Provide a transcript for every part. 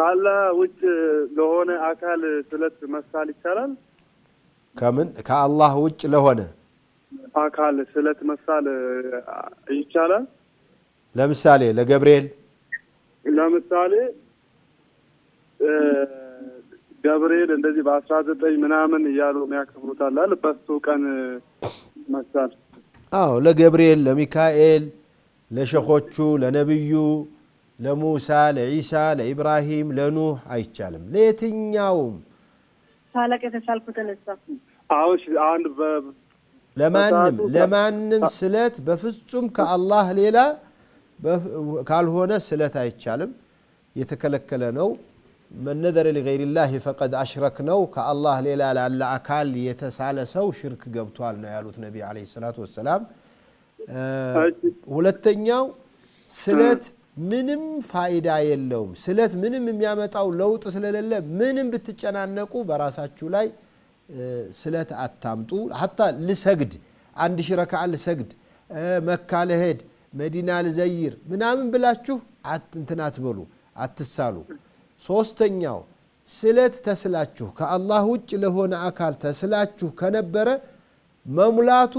ከአላህ ውጭ ለሆነ አካል ስለት መሳል ይቻላል? ከምን ከአላህ ውጭ ለሆነ አካል ስለት መሳል ይቻላል? ለምሳሌ ለገብርኤል ለምሳሌ ገብርኤል እንደዚህ በአስራ ዘጠኝ ምናምን እያሉ የሚያከብሩታል በሱ ቀን መሳል። አዎ ለገብርኤል፣ ለሚካኤል፣ ለሸኾቹ፣ ለነብዩ ለሙሳ፣ ለዒሳ፣ ለኢብራሂም፣ ለኑህ አይቻልም። ለየትኛውም ታላቅ የተቻልኩ ተነሳ። ለማንም ለማንም ስለት በፍጹም ከአላህ ሌላ ካልሆነ ስለት አይቻልም፣ የተከለከለ ነው። መነደር ሊገይሪላህ ፈቀድ አሽረክ ነው። ከአላህ ሌላ ላለ አካል የተሳለ ሰው ሽርክ ገብቷል ነው ያሉት ነቢ ዓለይሂ ሰላቱ ወሰላም። ሁለተኛው ስለት ምንም ፋይዳ የለውም። ስለት ምንም የሚያመጣው ለውጥ ስለሌለ ምንም ብትጨናነቁ በራሳችሁ ላይ ስለት አታምጡ። ሀታ ልሰግድ አንድ ሽረካ ልሰግድ መካ ልሄድ መዲና ልዘይር ምናምን ብላችሁ እንትን አትበሉ፣ አትሳሉ። ሶስተኛው ስለት ተስላችሁ ከአላህ ውጭ ለሆነ አካል ተስላችሁ ከነበረ መሙላቱ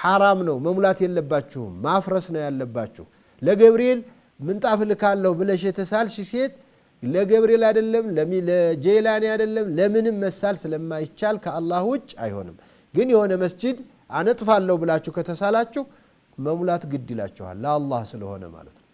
ሐራም ነው። መሙላት የለባችሁም፣ ማፍረስ ነው ያለባችሁ ለገብርኤል ምንጣፍ ልካለሁ ብለሽ የተሳልሽ ሴት ለገብርኤል አይደለም ለጄላኒ አይደለም ለምንም መሳል ስለማይቻል ከአላህ ውጭ አይሆንም። ግን የሆነ መስጂድ አነጥፋለሁ ብላችሁ ከተሳላችሁ መሙላት ግድ ይላችኋል፣ ለአላህ ስለሆነ ማለት ነው።